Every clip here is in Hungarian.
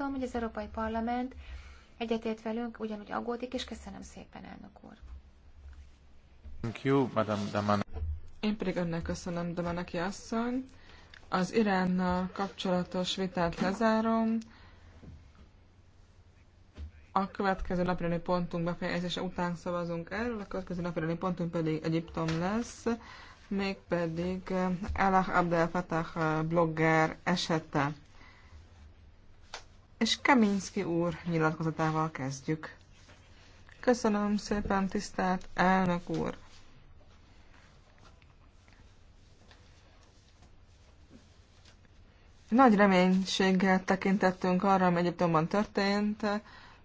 Tudom, hogy az Európai Parlament egyetért velünk, ugyanúgy aggódik, és köszönöm szépen, elnök úr. Thank you, Madame Daman. Én pedig önnek köszönöm, Damanaki asszony. Az Iránnal kapcsolatos vitát lezárom. A következő napirani pontunk befejezése után szavazunk erről, a következő napirani pontunk pedig Egyiptom lesz, mégpedig Elah Abdel Fatah blogger esete és Kaminski úr nyilatkozatával kezdjük. Köszönöm szépen, tisztelt elnök úr! Nagy reménységgel tekintettünk arra, ami Egyiptomban történt.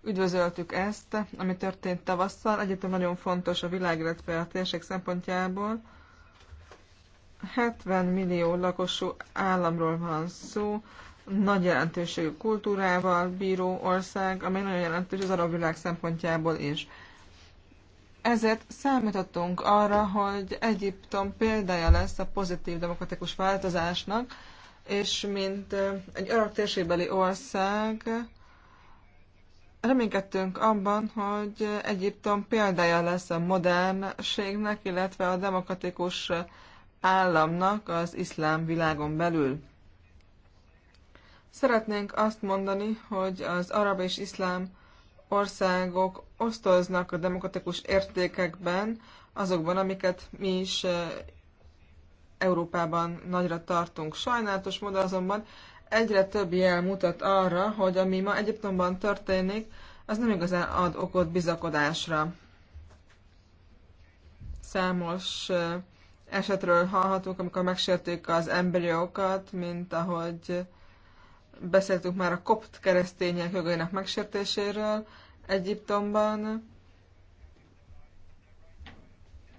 Üdvözöltük ezt, ami történt tavasszal. Egyiptom nagyon fontos a világ, illetve a térség szempontjából. 70 millió lakosú államról van szó, nagy jelentőségű kultúrával bíró ország, amely nagyon jelentős az arab világ szempontjából is. Ezért számítottunk arra, hogy Egyiptom példája lesz a pozitív demokratikus változásnak, és mint egy arab térségbeli ország reménykedtünk abban, hogy Egyiptom példája lesz a modernségnek, illetve a demokratikus államnak az iszlám világon belül. Szeretnénk azt mondani, hogy az arab és iszlám országok osztoznak a demokratikus értékekben, azokban, amiket mi is Európában nagyra tartunk. Sajnálatos módon azonban egyre több jel mutat arra, hogy ami ma Egyiptomban történik, az nem igazán ad okot bizakodásra. Számos esetről hallhatunk, amikor megsérték az emberi okat, mint ahogy Beszéltünk már a kopt keresztények jogainak megsértéséről Egyiptomban.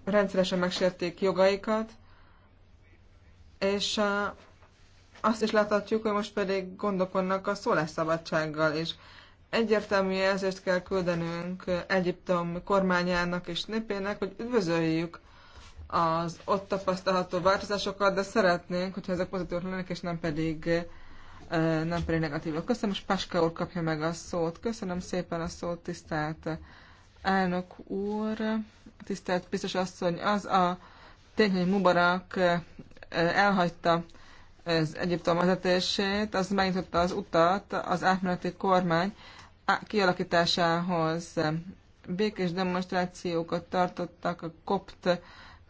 Rendszeresen megsérték jogaikat, és azt is láthatjuk, hogy most pedig gondokodnak a szólásszabadsággal is. Egyértelmű jelzést kell küldenünk Egyiptom kormányának és népének, hogy üdvözöljük az ott tapasztalható változásokat, de szeretnénk, hogyha ezek pozitív lennének, és nem pedig nem pedig negatívak. Köszönöm, és Paska úr kapja meg a szót. Köszönöm szépen a szót, tisztelt elnök úr, tisztelt biztos asszony. Az a tény, hogy Mubarak elhagyta az Egyiptom vezetését, az megnyitotta az utat az átmeneti kormány kialakításához. Békés demonstrációkat tartottak a kopt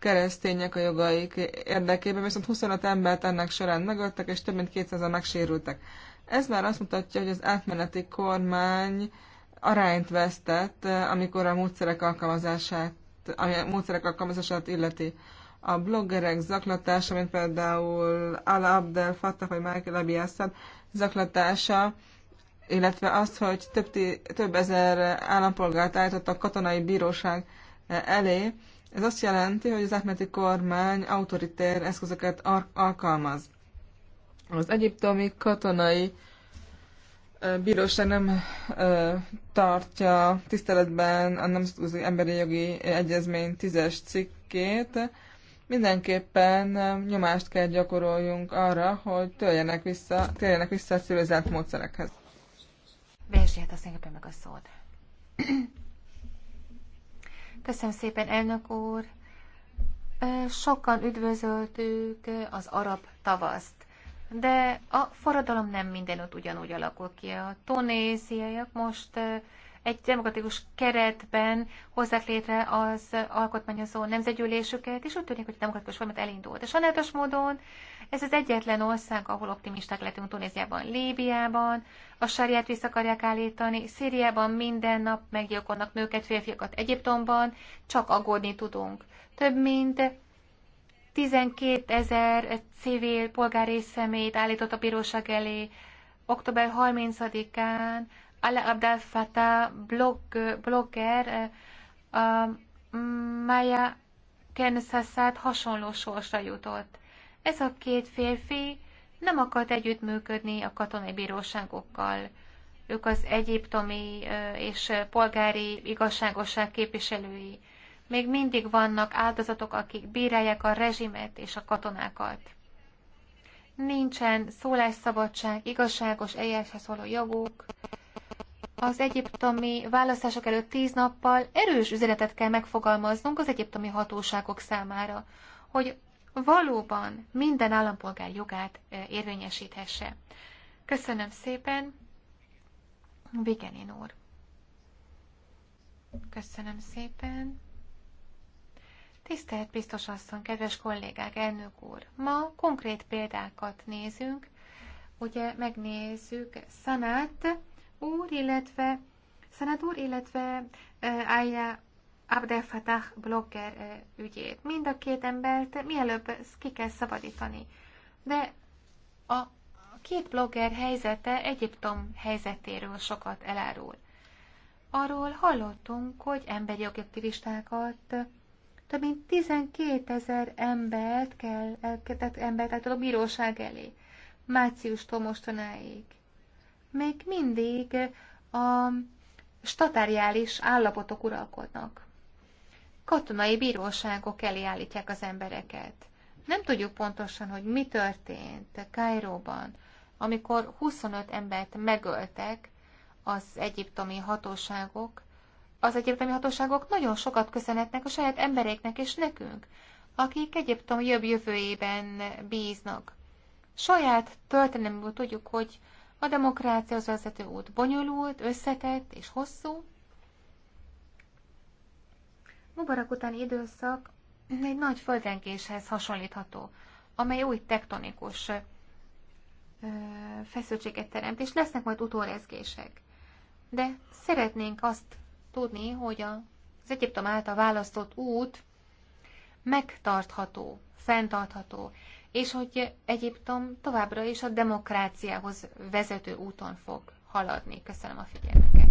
keresztények a jogaik érdekében, viszont 25 embert ennek során megöltek, és több mint 200-an megsérültek. Ez már azt mutatja, hogy az átmeneti kormány arányt vesztett, amikor a módszerek alkalmazását, ami a módszerek alkalmazását illeti. A bloggerek zaklatása, mint például Ala Abdel Fattah vagy Michael Abi zaklatása, illetve azt, hogy több, több ezer állampolgárt állított a katonai bíróság elé, ez azt jelenti, hogy az átmeneti kormány autoritér eszközöket alkalmaz. Az egyiptomi katonai bíróság nem tartja tiszteletben a Nemzetközi Emberi Jogi Egyezmény tízes cikkét. Mindenképpen nyomást kell gyakoroljunk arra, hogy töljenek vissza, térjenek vissza a civilizált módszerekhez. Beesélhet a meg a szót. Köszönöm szépen, elnök úr. Sokan üdvözöltük az arab tavaszt, de a forradalom nem mindenütt ugyanúgy alakul ki. A tunéziaiak most egy demokratikus keretben hozzák létre az alkotmányozó nemzetgyűlésüket, és úgy tűnik, hogy a demokratikus folyamat elindult. És sajnálatos módon ez az egyetlen ország, ahol optimisták lettünk Tunéziában, Líbiában, a sarját vissza akarják állítani, Szíriában minden nap meggyilkolnak nőket, férfiakat Egyiptomban, csak aggódni tudunk. Több mint 12 ezer civil polgári szemét állított a bíróság elé október 30-án Ale Abdel Fattah blog, blogger uh, Maya Kensassát hasonló sorsra jutott. Ez a két férfi nem akart együttműködni a katonai bíróságokkal. Ők az egyiptomi és polgári igazságosság képviselői. Még mindig vannak áldozatok, akik bírálják a rezsimet és a katonákat. Nincsen szólásszabadság, igazságos eljáráshoz való joguk. Az egyiptomi választások előtt tíz nappal erős üzenetet kell megfogalmaznunk az egyiptomi hatóságok számára, hogy valóban minden állampolgár jogát érvényesíthesse. Köszönöm szépen, Vigenin úr. Köszönöm szépen. Tisztelt biztos asszony, kedves kollégák, elnök úr! Ma konkrét példákat nézünk, ugye megnézzük Szanát úr, illetve Szanát úr, illetve Abdel Fattah blogger ügyét. Mind a két embert mielőbb ki kell szabadítani. De a két blogger helyzete Egyiptom helyzetéről sokat elárul. Arról hallottunk, hogy emberi aktivistákat, több mint 12 ezer embert kell, tehát embert által a bíróság elé. Márciustól mostanáig. Még mindig a statáriális állapotok uralkodnak katonai bíróságok elé állítják az embereket. Nem tudjuk pontosan, hogy mi történt Kairóban, amikor 25 embert megöltek az egyiptomi hatóságok. Az egyiptomi hatóságok nagyon sokat köszönhetnek a saját embereknek és nekünk, akik Egyiptom jobb jövőjében bíznak. Saját történelemből tudjuk, hogy a demokrácia az vezető út bonyolult, összetett és hosszú, Mubarak utáni időszak egy nagy földrengéshez hasonlítható, amely új tektonikus feszültséget teremt, és lesznek majd utórezgések. De szeretnénk azt tudni, hogy az Egyiptom által választott út megtartható, fenntartható, és hogy Egyiptom továbbra is a demokráciához vezető úton fog haladni. Köszönöm a figyelmeket.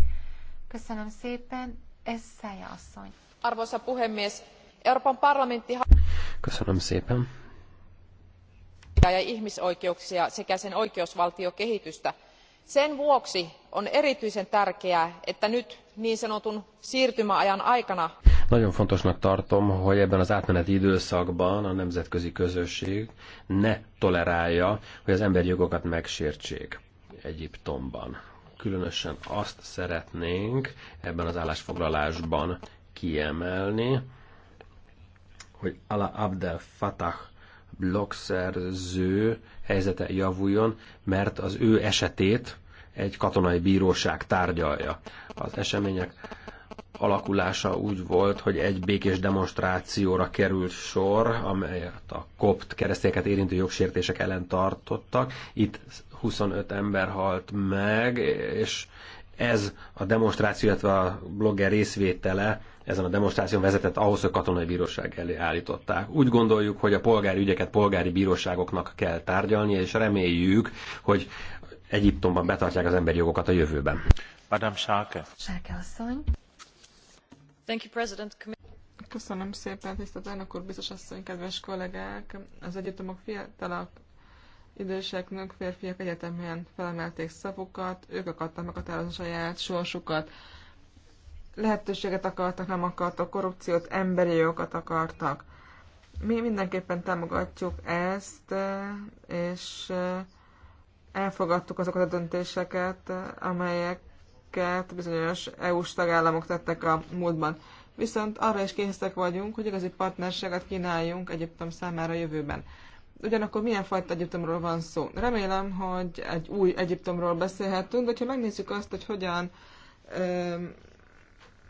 Köszönöm szépen, ez Szája asszony. Arvoisa puhemies, Euroopan parlamentti... haluaa szépen. ...ja ihmisoikeuksia sekä sen oikeusvaltiokehitystä. Sen vuoksi on erityisen tärkeää, että nyt niin sanotun siirtymäajan aikana... Nagyon fontosnak tartom, hogy ebben az átmeneti időszakban a nemzetközi közösség ne tolerálja, hogy az emberi jogokat megsértsék Egyiptomban. Különösen azt szeretnénk ebben az állásfoglalásban kiemelni, hogy Ala Abdel Fatah blogszerző helyzete javuljon, mert az ő esetét egy katonai bíróság tárgyalja. Az események alakulása úgy volt, hogy egy békés demonstrációra került sor, amelyet a kopt keresztényeket érintő jogsértések ellen tartottak. Itt 25 ember halt meg, és ez a demonstráció, illetve a blogger részvétele ezen a demonstráción vezetett ahhoz, hogy katonai bíróság elé állították. Úgy gondoljuk, hogy a polgári ügyeket polgári bíróságoknak kell tárgyalni, és reméljük, hogy Egyiptomban betartják az emberi jogokat a jövőben. Madame Schalke. Schalke asszony. Thank you, President. Köszönöm szépen, tisztelt elnök úr, biztos asszony, kedves kollégák! Az egyetemok fiatalok idősek, nők, férfiak egyetemen felemelték szavukat, ők akartak meghatározni saját sorsukat. Lehetőséget akartak, nem akartak, korrupciót, emberi jogokat akartak. Mi mindenképpen támogatjuk ezt, és elfogadtuk azokat a döntéseket, amelyeket bizonyos EU-s tagállamok tettek a múltban. Viszont arra is készek vagyunk, hogy igazi partnerséget kínáljunk Egyiptom számára a jövőben ugyanakkor milyen fajta Egyiptomról van szó. Remélem, hogy egy új Egyiptomról beszélhetünk, de ha megnézzük azt, hogy hogyan ö,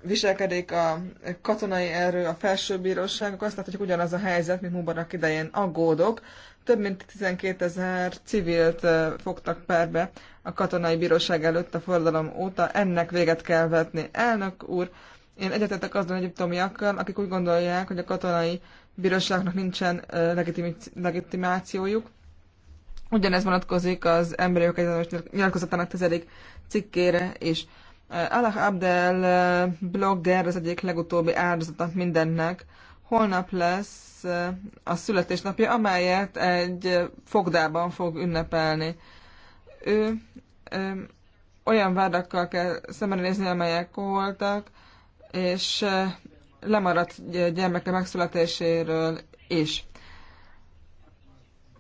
viselkedik a katonai erő, a akkor azt láthatjuk, hogy ugyanaz a helyzet, mint Mubarak idején aggódok. Több mint 12 ezer civilt fogtak perbe a katonai bíróság előtt a forradalom óta. Ennek véget kell vetni. Elnök úr, én egyetetek azon egyiptomiakkal, akik úgy gondolják, hogy a katonai bíróságnak nincsen legitimációjuk. Ugyanez vonatkozik az emberi jogok egyetemes nyilatkozatának tizedik cikkére is. Alah Abdel blogger az egyik legutóbbi áldozatnak mindennek. Holnap lesz a születésnapja, amelyet egy fogdában fog ünnepelni. Ő ő olyan vádakkal kell szembenézni, amelyek voltak, és lemaradt gyermeke megszületéséről is.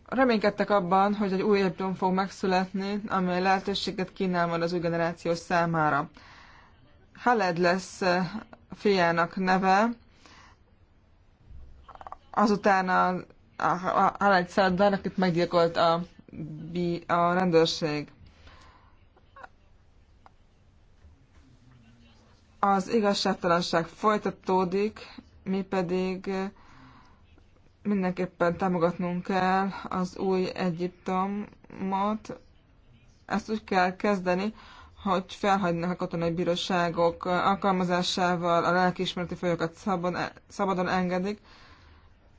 Reménykedtek abban, hogy egy új építőm fog megszületni, amely lehetőséget kínál majd az új generáció számára. Haled lesz fiának neve, azután a, a, a Haled Szerdán, akit meggyilkolt a, a rendőrség. az igazságtalanság folytatódik, mi pedig mindenképpen támogatnunk kell az új Egyiptomot. Ezt úgy kell kezdeni, hogy felhagynak a katonai bíróságok alkalmazásával, a lelkiismereti folyokat szabadon, szabadon engedik,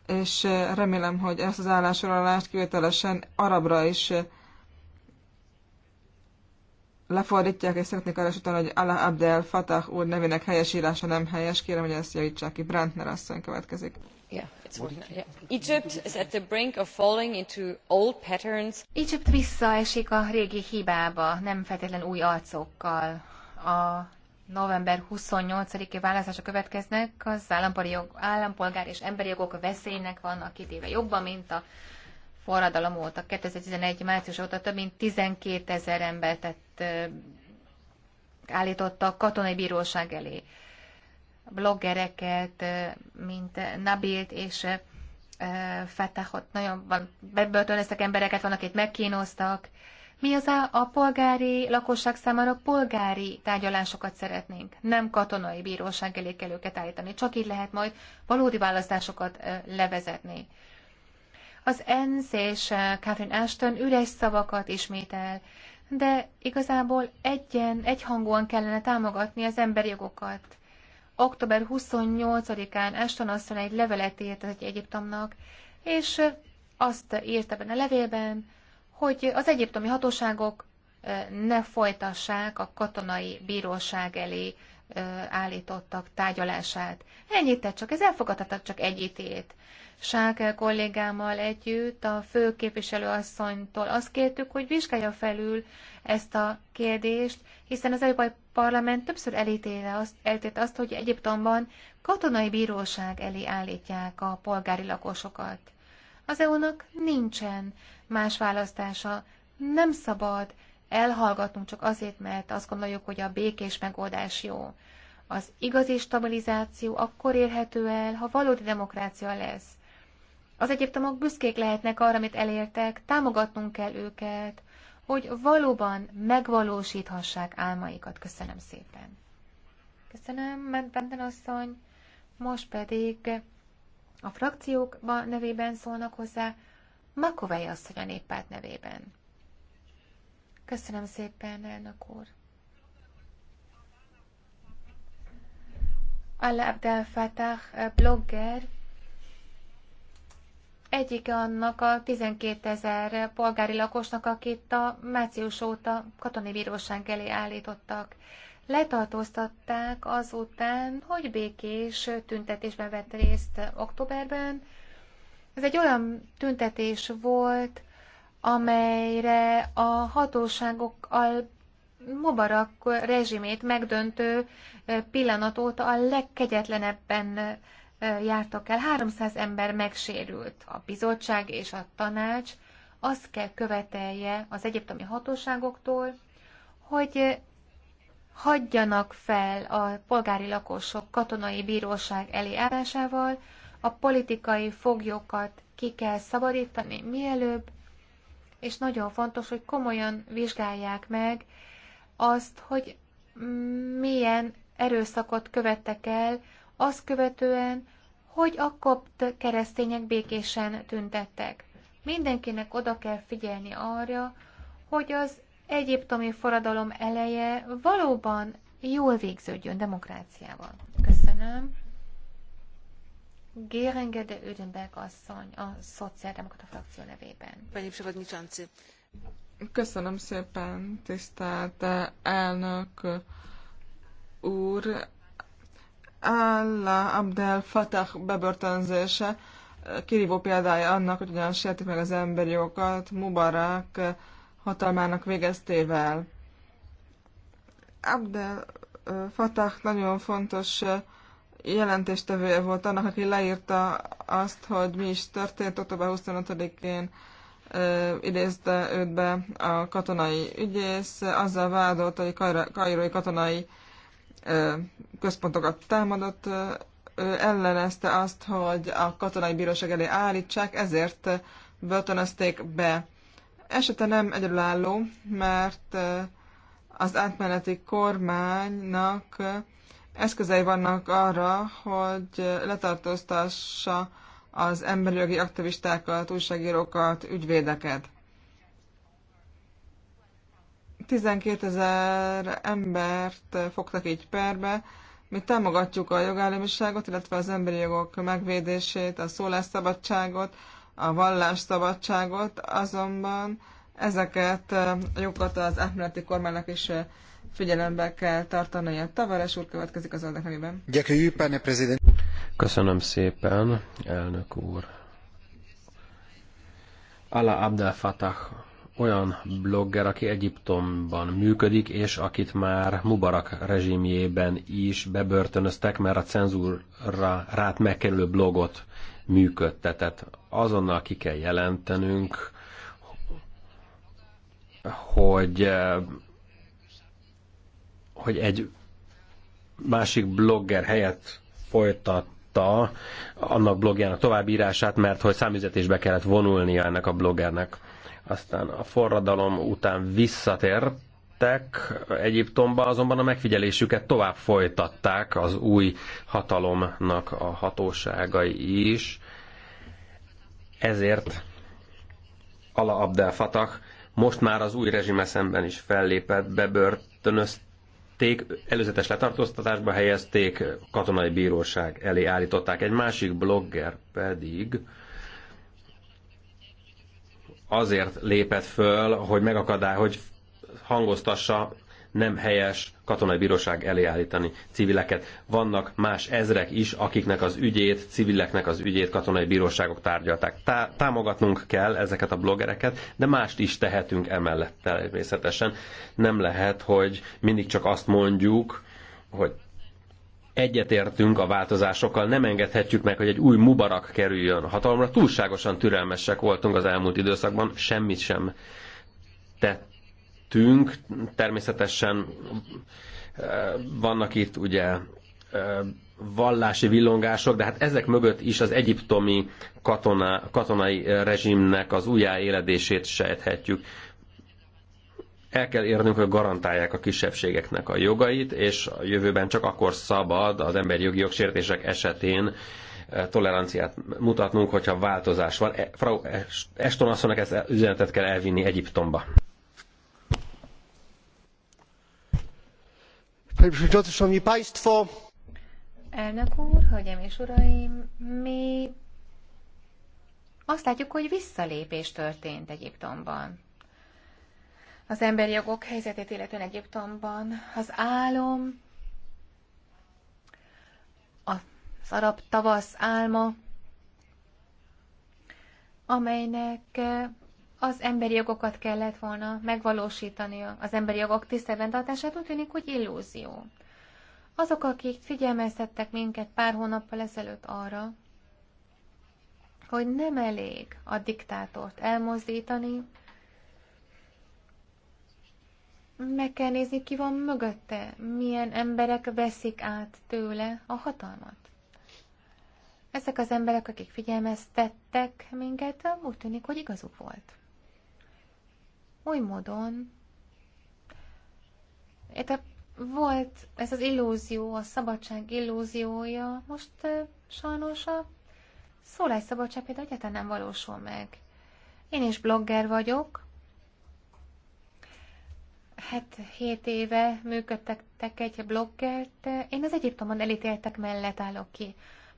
és remélem, hogy ezt az állásfoglalást kivételesen arabra is lefordítják, és szeretnék arra sütani, hogy Ala Abdel Fatah úr nevének helyesírása nem helyes. Kérem, hogy ezt javítsák ki. Brandner asszony következik. Yeah, yeah. Egypt is at the brink of falling into old patterns. Egypt visszaesik a régi hibába, nem feltétlen új arcokkal. A november 28-i választása következnek, az állampolgár és emberi jogok veszélynek vannak kitéve jobban, mint a forradalom óta, 2011. március óta több mint 12 ezer embert állítottak állította a katonai bíróság elé. Bloggereket, mint Nabilt és Fatahot, nagyon van, bebörtönöztek embereket, van, akit megkínoztak. Mi az a, a polgári lakosság számára polgári tárgyalásokat szeretnénk, nem katonai bíróság elé kell őket állítani. Csak így lehet majd valódi választásokat levezetni. Az ENSZ és eh, Catherine Ashton üres szavakat ismétel, de igazából egyen, egyhangúan kellene támogatni az emberi jogokat. Október 28-án Ashton asszony egy levelet írt az Egyiptomnak, és eh, azt írta benne a levélben, hogy az egyiptomi hatóságok ne folytassák a katonai bíróság elé állítottak tárgyalását. Ennyit tett csak, ez elfogadhatat csak egy ítélt. Sákel kollégámmal együtt a fő képviselőasszonytól azt kértük, hogy vizsgálja felül ezt a kérdést, hiszen az Európai Parlament többször elítélte azt, elítélte azt, hogy Egyiptomban katonai bíróság elé állítják a polgári lakosokat. Az EU-nak nincsen más választása, nem szabad elhallgatunk csak azért, mert azt gondoljuk, hogy a békés megoldás jó. Az igazi stabilizáció akkor érhető el, ha valódi demokrácia lesz. Az egyiptomok büszkék lehetnek arra, amit elértek, támogatnunk kell őket, hogy valóban megvalósíthassák álmaikat. Köszönöm szépen. Köszönöm, Benten asszony. Most pedig a frakciók nevében szólnak hozzá, Makovei asszony a néppárt nevében. Köszönöm szépen, elnök úr. Alla Abdel Fatah eh, blogger egyik annak a 12 ezer polgári lakosnak, akit a március óta katonai bíróság elé állítottak. Letartóztatták azután, hogy békés tüntetésben vett részt októberben. Ez egy olyan tüntetés volt, amelyre a hatóságokkal Mubarak rezsimét megdöntő pillanat óta a legkegyetlenebben jártak el. 300 ember megsérült. A bizottság és a tanács azt kell követelje az egyiptomi hatóságoktól, hogy hagyjanak fel a polgári lakosok katonai bíróság elé állásával, a politikai foglyokat ki kell szabadítani mielőbb, és nagyon fontos, hogy komolyan vizsgálják meg azt, hogy milyen erőszakot követtek el, azt követően, hogy a kopt keresztények békésen tüntettek. Mindenkinek oda kell figyelni arra, hogy az egyiptomi forradalom eleje valóban jól végződjön demokráciával. Köszönöm de Ödenberg asszony a Szociáldemokrata frakció nevében. Köszönöm szépen, tisztelt elnök úr. Allah Abdel Fatah bebörtönzése kirívó példája annak, hogy ugyan sértik meg az emberi jogokat Mubarak hatalmának végeztével. Abdel Fatah nagyon fontos jelentéstevője volt annak, aki leírta azt, hogy mi is történt. Október 25-én idézte őt be a katonai ügyész, azzal vádolt, hogy kairói katonai központokat támadott, ő ellenezte azt, hogy a katonai bíróság elé állítsák, ezért börtönözték be. Esete nem egyedülálló, mert az átmeneti kormánynak eszközei vannak arra, hogy letartóztassa az emberi jogi aktivistákat, újságírókat, ügyvédeket. 12 ezer embert fogtak így perbe. Mi támogatjuk a jogállamiságot, illetve az emberi jogok megvédését, a szólásszabadságot, a vallásszabadságot, azonban ezeket a eh, jogokat az átmeneti kormánynak is eh, figyelembe kell tartani. A Tavares úr következik az adnak nevében. Köszönöm szépen, elnök úr. Ala Abdel Fatah olyan blogger, aki Egyiptomban működik, és akit már Mubarak rezsimjében is bebörtönöztek, mert a cenzúra rát megkerülő blogot működtetett. Azonnal ki kell jelentenünk, hogy eh, hogy egy másik blogger helyett folytatta annak blogjának továbbírását, mert hogy számüzetésbe kellett vonulnia ennek a bloggernek. Aztán a forradalom után visszatértek Egyiptomba, azonban a megfigyelésüket tovább folytatták az új hatalomnak a hatóságai is. Ezért Ala Abdel Fatah most már az új rezsime szemben is fellépett, bebörtönözték elítélték, előzetes letartóztatásba helyezték, katonai bíróság elé állították. Egy másik blogger pedig azért lépett föl, hogy megakadály, hogy hangoztassa nem helyes katonai bíróság elé állítani civileket. Vannak más ezrek is, akiknek az ügyét, civileknek az ügyét katonai bíróságok tárgyalták. Tá- támogatnunk kell ezeket a bloggereket, de mást is tehetünk emellett természetesen. Nem lehet, hogy mindig csak azt mondjuk, hogy egyetértünk a változásokkal, nem engedhetjük meg, hogy egy új mubarak kerüljön hatalomra. Túlságosan türelmesek voltunk az elmúlt időszakban, semmit sem tett tettünk. Természetesen eh, vannak itt ugye eh, vallási villongások, de hát ezek mögött is az egyiptomi katona, katonai eh, rezsimnek az újjáéledését sejthetjük. El kell érnünk, hogy garantálják a kisebbségeknek a jogait, és a jövőben csak akkor szabad az emberi jogi jogsértések esetén toleranciát mutatnunk, hogyha változás van. Frau Eston asszonynak ezt üzenetet kell elvinni Egyiptomba. Panie Przewodniczący, Szanowni Państwo! Elnök úr, hölgyeim és uraim, mi azt látjuk, hogy visszalépés történt Egyiptomban. Az emberi jogok helyzetét illetően Egyiptomban az álom, az arab tavasz álma, amelynek az emberi jogokat kellett volna megvalósítani, az emberi jogok tiszteletben tartását, úgy tűnik, hogy illúzió. Azok, akik figyelmeztettek minket pár hónappal ezelőtt arra, hogy nem elég a diktátort elmozdítani, meg kell nézni, ki van mögötte, milyen emberek veszik át tőle a hatalmat. Ezek az emberek, akik figyelmeztettek minket, úgy tűnik, hogy igazuk volt oly módon, itt volt ez az illúzió, a szabadság illúziója, most sajnos a szólásszabadság például egyáltalán nem valósul meg. Én is blogger vagyok, hát hét éve működtek egy bloggert, én az egyiptomon elítéltek mellett állok ki.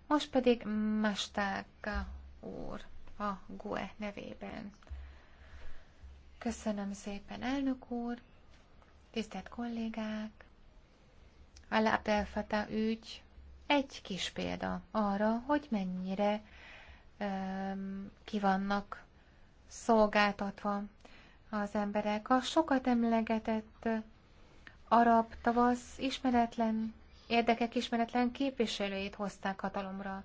Most pedig Mastáka úr a GUE nevében. Köszönöm szépen, elnök úr, tisztelt kollégák, a lápelfata ügy egy kis példa arra, hogy mennyire um, ki vannak szolgáltatva az emberek. A sokat emlegetett arab tavasz ismeretlen, érdekek ismeretlen képviselőjét hozták hatalomra.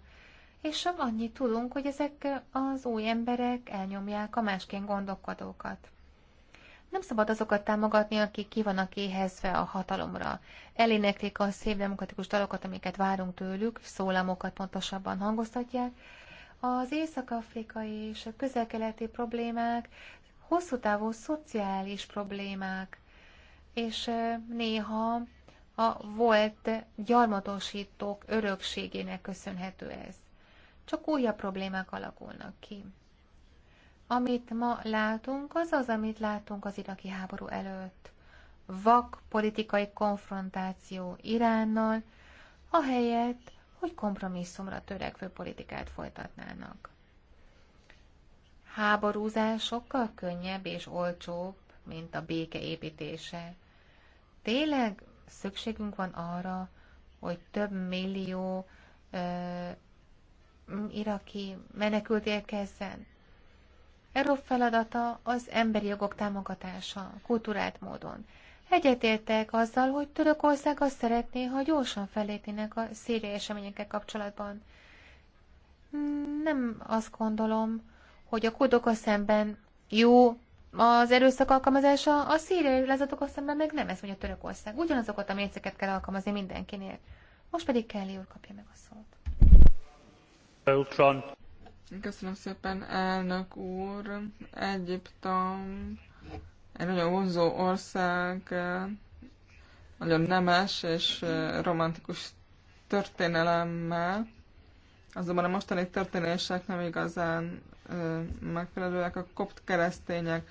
És annyit tudunk, hogy ezek az új emberek elnyomják a másként gondolkodókat. Nem szabad azokat támogatni, akik ki vannak éhezve a hatalomra. Eléneklik a szép demokratikus dalokat, amiket várunk tőlük, szólamokat pontosabban hangoztatják. Az észak-afrikai és a közel-keleti problémák hosszú távú szociális problémák, és néha a volt gyarmatosítók örökségének köszönhető ez. Csak újabb problémák alakulnak ki. Amit ma látunk, az az, amit látunk az iraki háború előtt. Vak politikai konfrontáció Iránnal, ahelyett, hogy kompromisszumra törekvő politikát folytatnának. Háborúzás sokkal könnyebb és olcsóbb, mint a béke építése. Tényleg szükségünk van arra, hogy több millió ö, iraki menekült érkezzen? Erről feladata az emberi jogok támogatása, kulturált módon. Egyetértek azzal, hogy Törökország azt szeretné, ha gyorsan felépnének a szíriai eseményekkel kapcsolatban. Nem azt gondolom, hogy a a szemben jó az erőszak alkalmazása, a szíriai a szemben meg nem ez mondja Törökország. Ugyanazokat a mérceket kell alkalmazni mindenkinél. Most pedig Kelly úr kapja meg a szót. Köszönöm szépen, elnök úr. Egyiptom egy nagyon vonzó ország, nagyon nemes és romantikus történelemmel. Azonban a mostani történések nem igazán megfelelőek. A kopt keresztények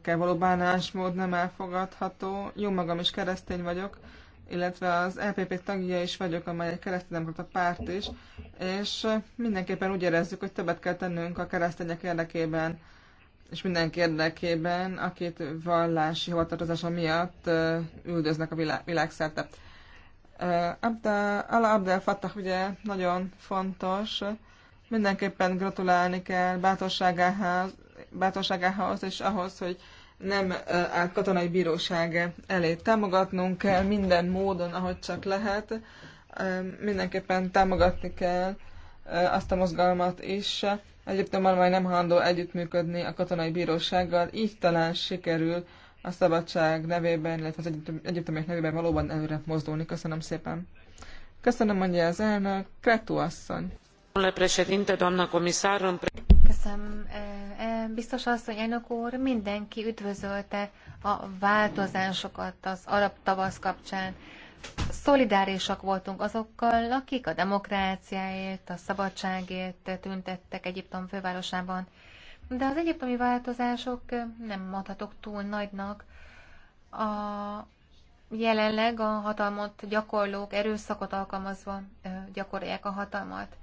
kell való bánásmód nem elfogadható. Jó magam is keresztény vagyok, illetve az LPP e tagja is vagyok, amely egy kereszténydemokrata párt is, és mindenképpen úgy érezzük, hogy többet kell tennünk a keresztények érdekében, és mindenki érdekében, akit vallási hovatartozása miatt üldöznek a világ, világszerte. Abda, Abdel Fattah ugye nagyon fontos, mindenképpen gratulálni kell bátorságához, bátorságához és ahhoz, hogy nem a katonai bíróság elé. Támogatnunk kell minden módon, ahogy csak lehet. Mindenképpen támogatni kell azt a mozgalmat is. Egyiptommal majd nem hajlandó együttműködni a katonai bírósággal, így talán sikerül a szabadság nevében, illetve az egyiptomiak nevében valóban előre mozdulni. Köszönöm szépen. Köszönöm, mondja az elnök. Kretu asszony. Domnule președinte, doamnă comisar, în E, e, biztos asszony, elnök úr, mindenki üdvözölte a változásokat az arab tavasz kapcsán. Szolidárisak voltunk azokkal, akik a demokráciáért, a szabadságért tüntettek Egyiptom fővárosában. De az egyiptomi változások e, nem mondhatok túl nagynak. A jelenleg a hatalmat gyakorlók erőszakot alkalmazva gyakorolják a hatalmat.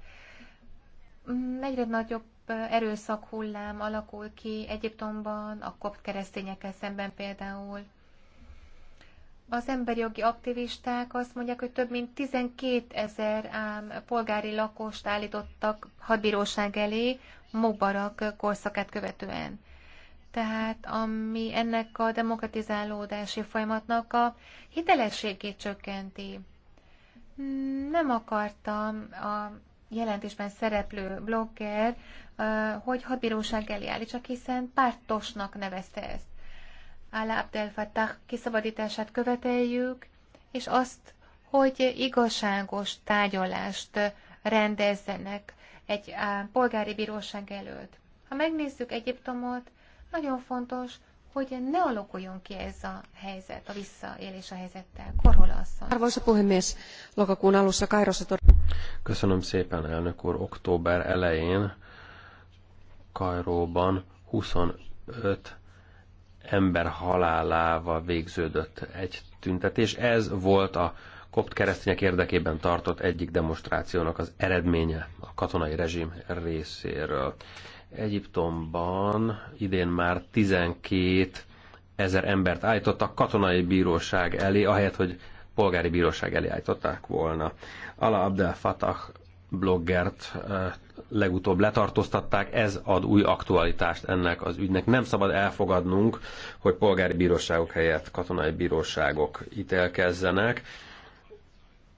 Egyre nagyobb erőszakhullám alakul ki Egyiptomban, a kopt keresztényekkel szemben például. Az emberi jogi aktivisták azt mondják, hogy több mint 12 ezer polgári lakost állítottak hadbíróság elé Mubarak korszakát követően. Tehát ami ennek a demokratizálódási folyamatnak a hitelességét csökkenti. Nem akartam a jelentésben szereplő blogger, hogy hadbíróság elé állítsa, hiszen pártosnak nevezte ezt. Alá Abdel Fattah kiszabadítását követeljük, és azt, hogy igazságos tárgyalást rendezzenek egy polgári bíróság előtt. Ha megnézzük Egyiptomot, nagyon fontos, hogy ne alakuljon ki ez a helyzet, a visszaélés a helyzettel. Korhola asszony. Arvoisa puhemies, lokakuun alussa Kairossa Köszönöm szépen, elnök úr. Október elején Kajróban 25 ember halálával végződött egy tüntetés. Ez volt a kopt keresztények érdekében tartott egyik demonstrációnak az eredménye a katonai rezsim részéről. Egyiptomban idén már 12 ezer embert állítottak katonai bíróság elé, ahelyett, hogy polgári bíróság elé állították volna. Ala Abdel Fatah bloggert legutóbb letartóztatták, ez ad új aktualitást ennek az ügynek. Nem szabad elfogadnunk, hogy polgári bíróságok helyett katonai bíróságok ítélkezzenek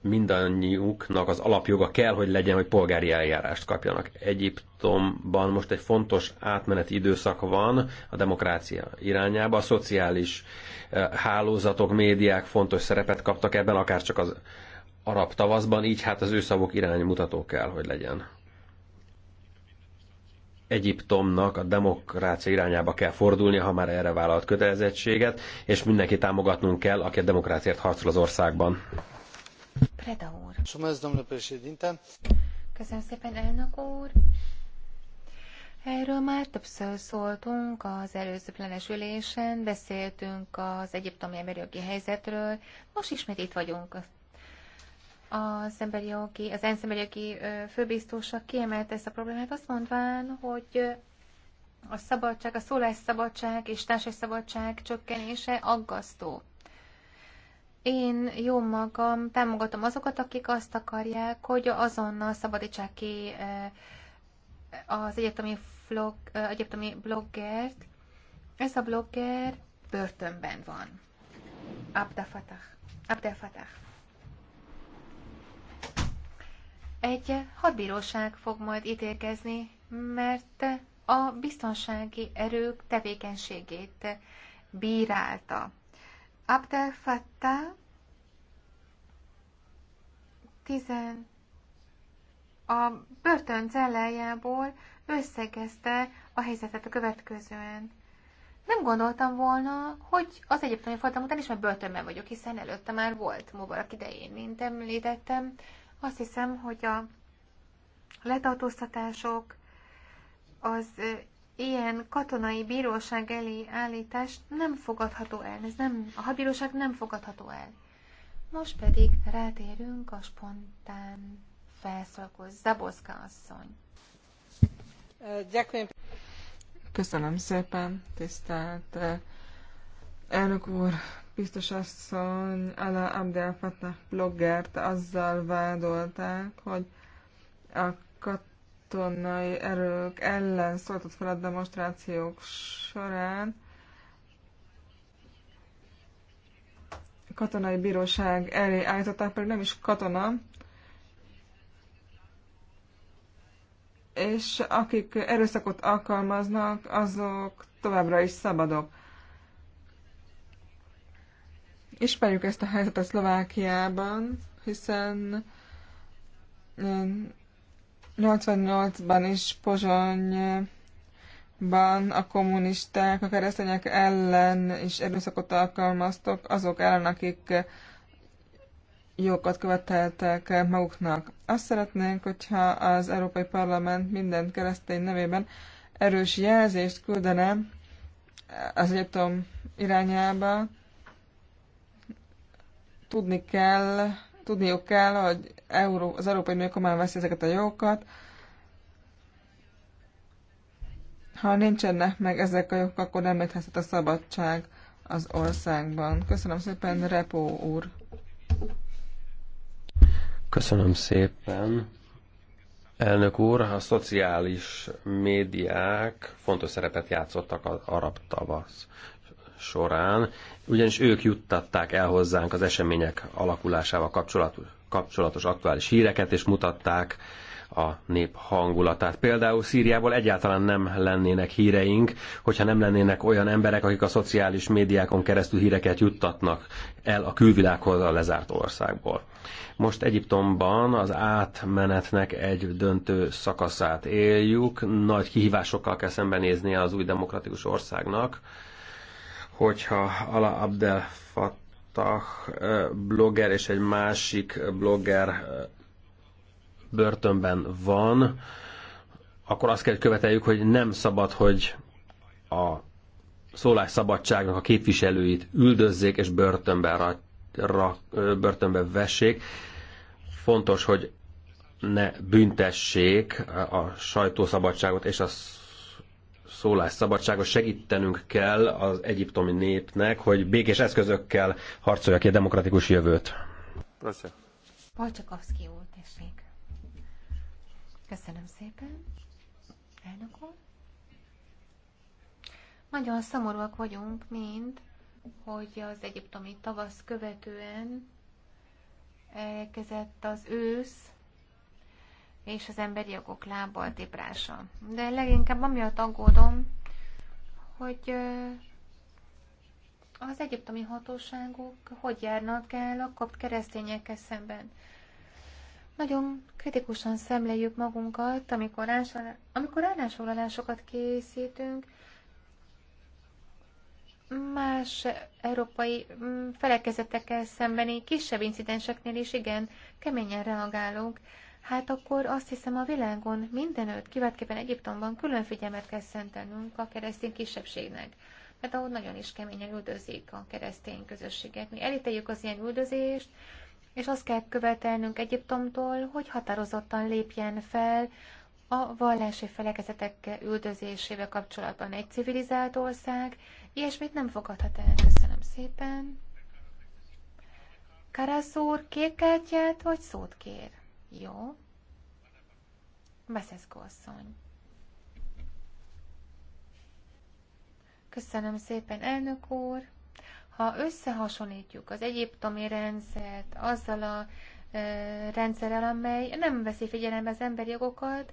mindannyiuknak az alapjoga kell, hogy legyen, hogy polgári eljárást kapjanak. Egyiptomban most egy fontos átmeneti időszak van a demokrácia irányába. A szociális eh, hálózatok, médiák fontos szerepet kaptak ebben, akár csak az arab tavaszban, így hát az ő szavuk iránymutató kell, hogy legyen. Egyiptomnak a demokrácia irányába kell fordulnia, ha már erre vállalt kötelezettséget, és mindenki támogatnunk kell, aki a demokráciát harcol az országban domnule președinte. szépen, Erről már többször szóltunk az előző plenes ülésen, beszéltünk az egyiptomi emberi jogi helyzetről, most ismét itt vagyunk. Az, emberi jogi, az ENSZ emberi jogi főbiztosa kiemelte ezt a problémát, azt mondván, hogy a szabadság, a szólásszabadság és szabadság csökkenése aggasztó. Én jó magam támogatom azokat, akik azt akarják, hogy azonnal szabadítsák ki eh, az egyetemi, flog, eh, egyetemi bloggert. Ez a blogger börtönben van. Abdel Fatah. Abdel Fatah. Egy hadbíróság fog majd ítélkezni, mert a biztonsági erők tevékenységét bírálta. Abdel Fattah 10 a börtön cellájából összegezte a helyzetet a következően. Nem gondoltam volna, hogy az egyiptomi voltam után is már börtönben vagyok, hiszen előtte már volt Mubarak idején, mint említettem. Azt hiszem, hogy a letartóztatások, az ilyen katonai bíróság elé állítás nem fogadható el. Ez nem, a hadbíróság nem fogadható el. Most pedig rátérünk a spontán felszólkó Zabozka asszony. Köszönöm szépen, tisztelt eh, elnök úr, biztos asszony, Ala Abdel Fattah bloggert azzal vádolták, hogy a kat katonai erők ellen szóltott fel a demonstrációk során. Katonai bíróság elé állították, pedig nem is katona, és akik erőszakot alkalmaznak, azok továbbra is szabadok. Ismerjük ezt a helyzetet Szlovákiában, hiszen eh, 88-ban is Pozsonyban a kommunisták, a keresztények ellen is erőszakot alkalmaztok, azok ellen, akik jókat követeltek maguknak. Azt szeretnénk, hogyha az Európai Parlament minden keresztény nevében erős jelzést küldene az egyetem irányába. Tudni kell, Tudniuk kell, hogy Euró az Európai Unió komolyan veszi ezeket a jogokat. Ha nincsenek meg ezek a jogok, akkor nem létezhet a szabadság az országban. Köszönöm szépen, Repó úr! Köszönöm szépen. Elnök úr, a szociális médiák fontos szerepet játszottak az arab tavasz során, ugyanis ők juttatták el hozzánk az események alakulásával kapcsolatos, kapcsolatos aktuális híreket, és mutatták a nép hangulatát. Például Szíriából egyáltalán nem lennének híreink, hogyha nem lennének olyan emberek, akik a szociális médiákon keresztül híreket juttatnak el a külvilághoz a lezárt országból. Most Egyiptomban az átmenetnek egy döntő szakaszát éljük, nagy kihívásokkal kell szembenézni az új demokratikus országnak, hogyha Ala Abdel Fattah blogger és egy másik blogger börtönben van, akkor azt kell, követeljük, hogy nem szabad, hogy a szólásszabadságnak a képviselőit üldözzék és börtönbe, ra, ra, börtönbe vessék. Fontos, hogy ne büntessék a sajtószabadságot és a szólásszabadságot segítenünk kell az egyiptomi népnek, hogy békés eszközökkel harcolja ki a demokratikus jövőt. Köszönöm. Palcsakovszki úr, tessék. Köszönöm szépen. Elnök úr. Nagyon szomorúak vagyunk mind, hogy az egyiptomi tavasz követően elkezett az ősz, és az emberi jogok lábbal tibrása. De leginkább amiatt aggódom, hogy az egyiptomi hatóságok hogy járnak el a kopt keresztényekkel szemben. Nagyon kritikusan szemléljük magunkat, amikor, amikor állásfoglalásokat készítünk, más európai mm, felekezetekkel szembeni kisebb incidenseknél is igen, keményen reagálunk hát akkor azt hiszem a világon mindenütt, kivetképpen Egyiptomban külön figyelmet kell szentelnünk a keresztény kisebbségnek. Mert ahol nagyon is keményen üldözik a keresztény közösséget. Mi elítéljük az ilyen üldözést, és azt kell követelnünk Egyiptomtól, hogy határozottan lépjen fel a vallási felekezetek üldözésével kapcsolatban egy civilizált ország, ilyesmit nem fogadhat el. Köszönöm szépen. Karasz úr, kék kártyát vagy szót kér? Jó. Beszeszko asszony. Köszönöm szépen, elnök úr. Ha összehasonlítjuk az egyiptomi rendszert azzal a e, rendszerrel, amely nem veszi figyelembe az emberi jogokat,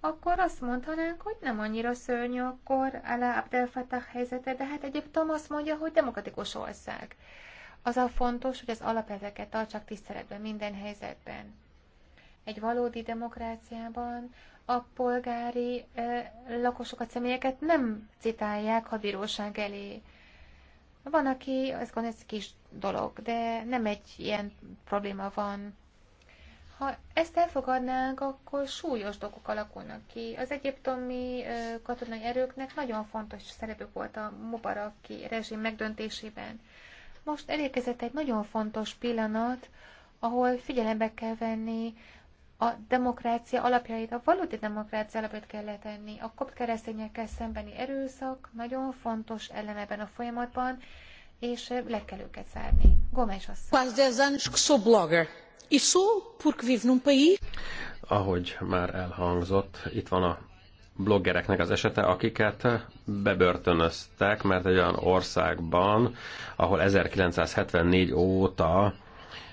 akkor azt mondhatnánk, hogy nem annyira szörnyű akkor Ala Abdel Fattah helyzete, de hát Egyiptom azt mondja, hogy demokratikus ország. Az a fontos, hogy az alapelveket tartsák tiszteletben minden helyzetben egy valódi demokráciában a polgári lakosokat, személyeket nem citálják bíróság elé. Van, aki azt gondolja, ez kis dolog, de nem egy ilyen probléma van. Ha ezt elfogadnánk, akkor súlyos dolgok alakulnak ki. Az egyiptomi katonai erőknek nagyon fontos szerepük volt a Mubaraki rezsim megdöntésében. Most elérkezett egy nagyon fontos pillanat, ahol figyelembe kell venni a demokrácia alapjait, a valódi demokrácia alapjait kell letenni. A kopt keresztényekkel szembeni erőszak nagyon fontos elem ebben a folyamatban, és le kell őket zárni. Gomes asszony. E sou porque vivo num país. Ahogy már elhangzott, itt van a bloggereknek az esete, akiket bebörtönöztek, mert egy olyan országban, ahol 1974 óta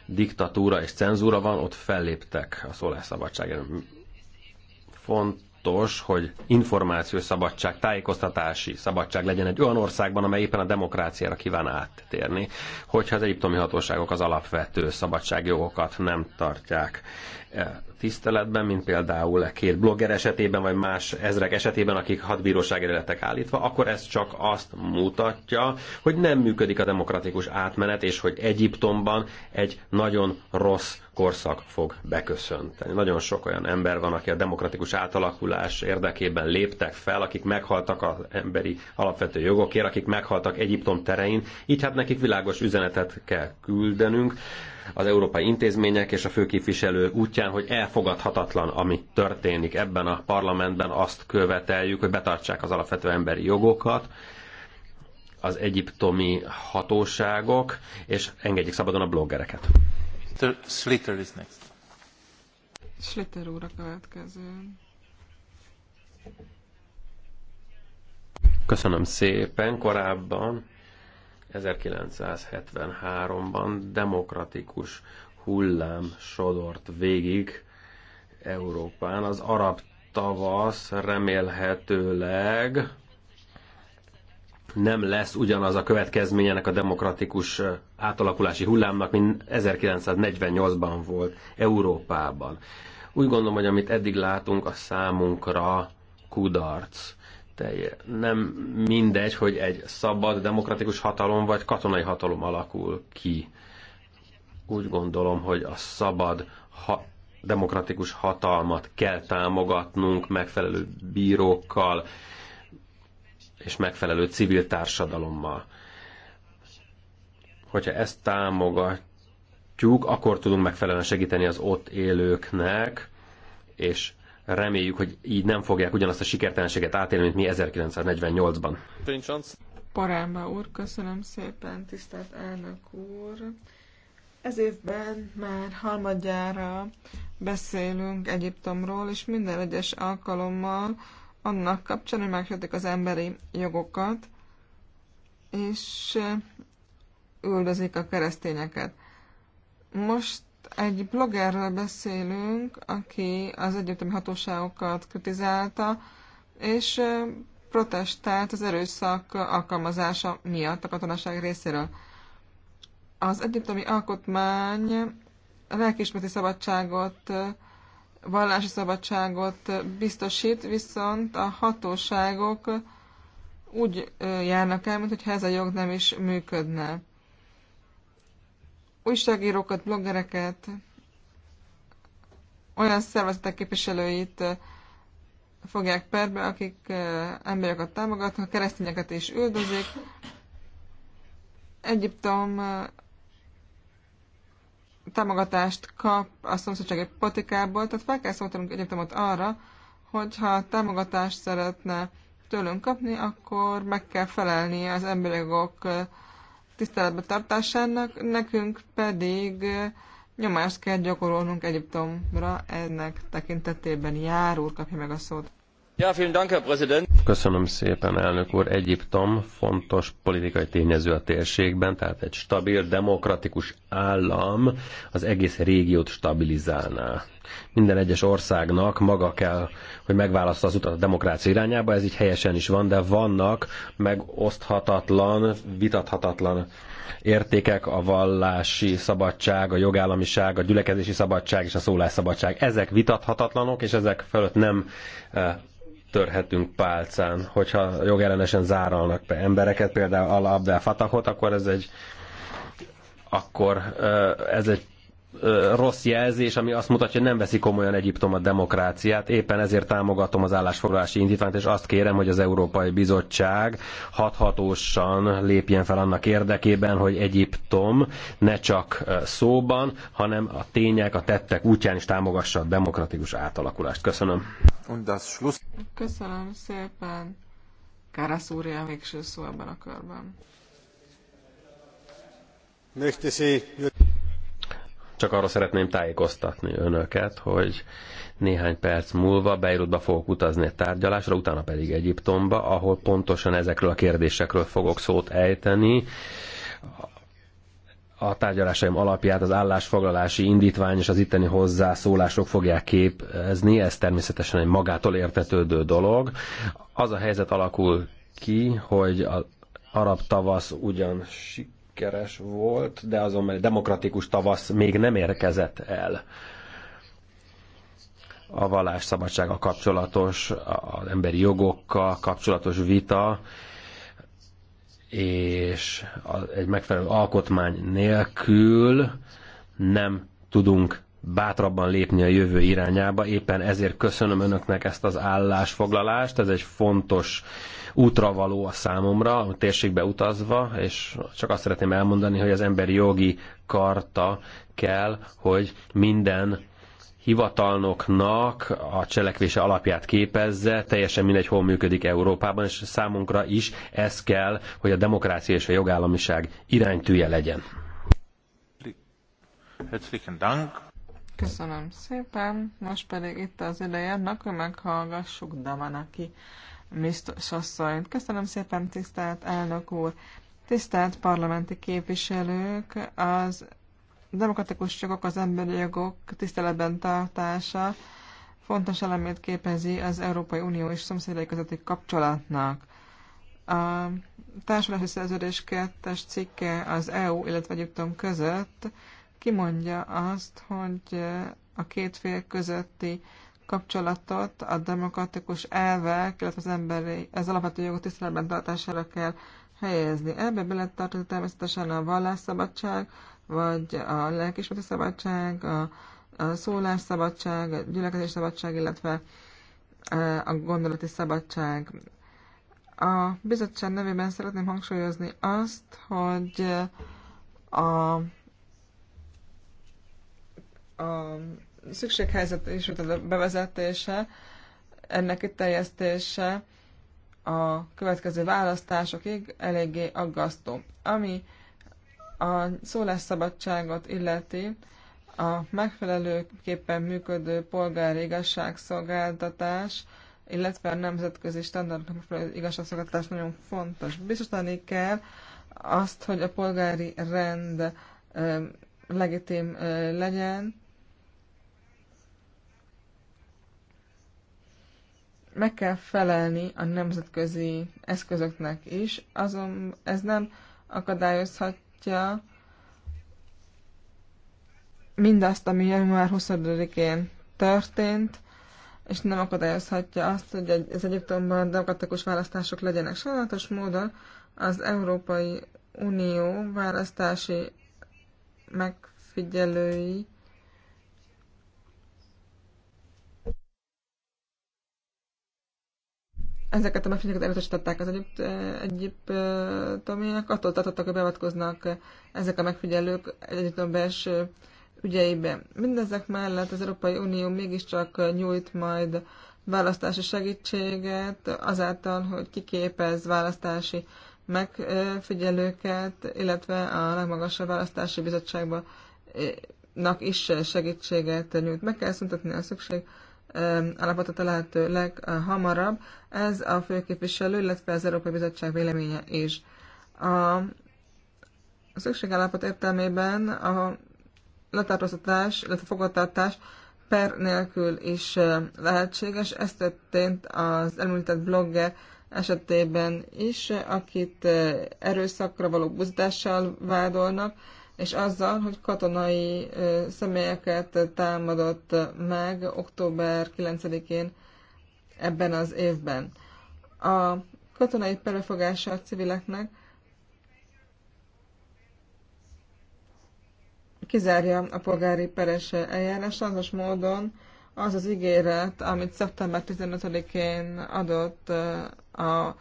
diktatúra és cenzúra van, ott felléptek a szólásszabadság. Font, fontos, hogy információs szabadság, tájékoztatási szabadság legyen egy olyan országban, amely éppen a demokráciára kíván áttérni, hogyha az egyiptomi hatóságok az alapvető szabadságjogokat nem tartják eh, tiszteletben, mint például e két blogger esetében, vagy más ezrek esetében, akik hat lettek állítva, akkor ez csak azt mutatja, hogy nem működik a demokratikus átmenet, és hogy Egyiptomban egy nagyon rossz korszak fog beköszönteni. Nagyon sok olyan ember van, aki a demokratikus átalakulás érdekében léptek fel, akik meghaltak az emberi alapvető jogokért, akik meghaltak Egyiptom terein, így hát nekik világos üzenetet kell küldenünk az európai intézmények és a főképviselő útján, hogy elfogadhatatlan, ami történik ebben a parlamentben, azt követeljük, hogy betartsák az alapvető emberi jogokat, az egyiptomi hatóságok, és engedjék szabadon a bloggereket. Schlitter is next. Schlitter úr a következő. Köszönöm szépen. Korábban 1973-ban demokratikus hullám sodort végig Európán. Az arab tavasz remélhetőleg nem lesz ugyanaz a következménye ennek a demokratikus átalakulási hullámnak, mint 1948-ban volt Európában. Úgy gondolom, hogy amit eddig látunk, a számunkra kudarc. Telje. Nem mindegy, hogy egy szabad, demokratikus hatalom vagy katonai hatalom alakul ki. Úgy gondolom, hogy a szabad ha- demokratikus hatalmat kell támogatnunk megfelelő bírókkal, és megfelelő civil társadalommal. Hogyha ezt támogatjuk, akkor tudunk megfelelően segíteni az ott élőknek, és reméljük, hogy így nem fogják ugyanazt a sikertelenséget átélni, mint mi 1948-ban. Parámba úr, köszönöm szépen, tisztelt elnök úr. Ez évben már harmadjára beszélünk Egyiptomról, és minden egyes alkalommal annak kapcsán, hogy megsértik az emberi jogokat, és üldözik a keresztényeket. Most egy bloggerről beszélünk, aki az egyetemi hatóságokat kritizálta, és protestált az erőszak alkalmazása miatt a katonaság részéről. Az egyiptomi alkotmány a lelkismereti szabadságot vallási szabadságot biztosít, viszont a hatóságok úgy járnak el, mintha ez a jog nem is működne. Újságírókat, bloggereket, olyan szervezetek képviselőit fogják perbe, akik embereket támogatnak, keresztényeket is üldözik. Egyiptom támogatást kap a szomszédsági politikából, tehát fel kell szólítanunk egyetemot arra, hogyha támogatást szeretne tőlünk kapni, akkor meg kell felelni az emberi jogok tiszteletbe tartásának, nekünk pedig nyomást kell gyakorolnunk Egyiptomra ennek tekintetében. Jár úr kapja meg a szót. Köszönöm szépen, elnök úr. Egyiptom fontos politikai tényező a térségben, tehát egy stabil, demokratikus állam az egész régiót stabilizálná. Minden egyes országnak maga kell, hogy megválaszta az utat a demokrácia irányába, ez így helyesen is van, de vannak megoszthatatlan, vitathatatlan értékek, a vallási szabadság, a jogállamiság, a gyülekezési szabadság és a szólásszabadság. Ezek vitathatatlanok, és ezek fölött nem eh, törhetünk pálcán, hogyha jogellenesen záralnak be embereket, például Al Abdel Fatahot, akkor ez egy akkor ez egy rossz jelzés, ami azt mutatja, hogy nem veszi komolyan Egyiptom a demokráciát. Éppen ezért támogatom az állásfoglalási indítványt, és azt kérem, hogy az Európai Bizottság hathatósan lépjen fel annak érdekében, hogy Egyiptom ne csak szóban, hanem a tények, a tettek útján is támogassa a demokratikus átalakulást. Köszönöm. Köszönöm szépen. Kárász úrja végső szó ebben a körben. Möchte Sie csak arra szeretném tájékoztatni önöket, hogy néhány perc múlva Beirutba fogok utazni egy tárgyalásra, utána pedig Egyiptomba, ahol pontosan ezekről a kérdésekről fogok szót ejteni a tárgyalásaim alapját az állásfoglalási indítvány és az itteni hozzászólások fogják képezni, ez természetesen egy magától értetődő dolog. Az a helyzet alakul ki, hogy az arab tavasz ugyan sikeres volt, de azon mert demokratikus tavasz még nem érkezett el a vallásszabadsága kapcsolatos, az emberi jogokkal kapcsolatos vita, és egy megfelelő alkotmány nélkül nem tudunk bátrabban lépni a jövő irányába. Éppen ezért köszönöm önöknek ezt az állásfoglalást. Ez egy fontos útra való a számomra, a térségbe utazva, és csak azt szeretném elmondani, hogy az emberi jogi karta kell, hogy minden hivatalnoknak a cselekvése alapját képezze, teljesen mindegy, hol működik Európában, és számunkra is ez kell, hogy a demokrácia és a jogállamiság iránytűje legyen. Köszönöm szépen, most pedig itt az ideje annak, hogy meghallgassuk Damanaki biztos asszonyt. Köszönöm szépen, tisztelt elnök úr! Tisztelt parlamenti képviselők, az demokratikus jogok, az emberi jogok tiszteletben tartása fontos elemét képezi az Európai Unió és szomszédai közötti kapcsolatnak. A társadalmi szerződés kettes cikke az EU, illetve Egyiptom között kimondja azt, hogy a két fél közötti kapcsolatot a demokratikus elvek, illetve az emberi, ez alapvető jogok tiszteletben tartására kell helyezni. Ebbe beletartozik természetesen a vallásszabadság, vagy a lelkismeti szabadság, a, a szólásszabadság, a gyülekezés szabadság, illetve e, a gondolati szabadság. A bizottság nevében szeretném hangsúlyozni azt, hogy a, a szükséghelyzet és a bevezetése, ennek teljesztése a következő választásokig eléggé aggasztó. Ami a szólásszabadságot illeti, a megfelelőképpen működő polgári igazságszolgáltatás, illetve a nemzetközi standard igazságszolgáltatás nagyon fontos. Biztosítani kell azt, hogy a polgári rend legitim legyen, meg kell felelni a nemzetközi eszközöknek is, azon ez nem akadályozhatja mindazt, ami január 20-én történt, és nem akadályozhatja azt, hogy az Egyiptomban demokratikus választások legyenek. Sajnálatos módon az Európai Unió választási megfigyelői ezeket a megfigyelőket elutasították az egyéb, eh, egyiptomiak, attól tartottak, hogy beavatkoznak ezek a megfigyelők egyiptom belső ügyeibe. Mindezek mellett az Európai Unió mégiscsak nyújt majd választási segítséget azáltal, hogy kiképez választási megfigyelőket, illetve a legmagasabb választási bizottságban eh, nak is segítséget nyújt. Meg kell szüntetni a szükség állapotot a lehető leghamarabb. Ez a főképviselő, illetve az Európai Bizottság véleménye is. A szükségállapot értelmében a letartóztatás, illetve fogadtartás per nélkül is lehetséges. Ez történt az említett blogger esetében is, akit erőszakra való buzdással vádolnak, és azzal, hogy katonai személyeket támadott meg október 9-én ebben az évben. A katonai befogása a civileknek kizárja a polgári peres eljárás, azos módon az az ígéret, amit szeptember 15-én adott a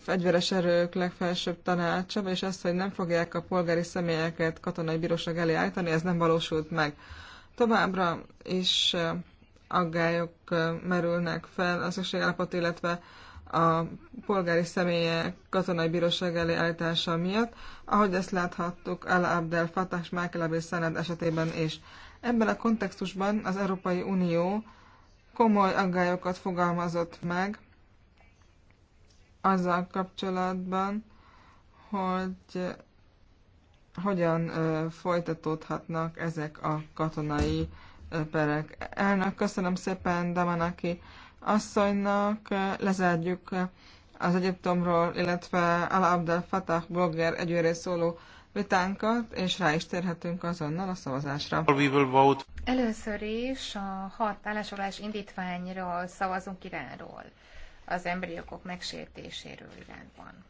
fegyveres erők legfelsőbb tanácsa, és azt, hogy nem fogják a polgári személyeket katonai bíróság elé állítani, ez nem valósult meg. Továbbra is aggályok merülnek fel a állapot, illetve a polgári személyek katonai bíróság elé állítása miatt, ahogy ezt láthattuk El Abdel Fattah és Michael Abel Szened esetében is. Ebben a kontextusban az Európai Unió komoly aggályokat fogalmazott meg azzal kapcsolatban, hogy hogyan folytatódhatnak ezek a katonai perek. Elnök, köszönöm szépen Damanaki asszonynak, lezárjuk az Egyiptomról, illetve Al Abdel Fatah blogger egyőre szóló vitánkat, és rá is térhetünk azonnal a szavazásra. Először is a hat állásolás indítványra szavazunk Iránról az emberi jogok megsértéséről Iránban.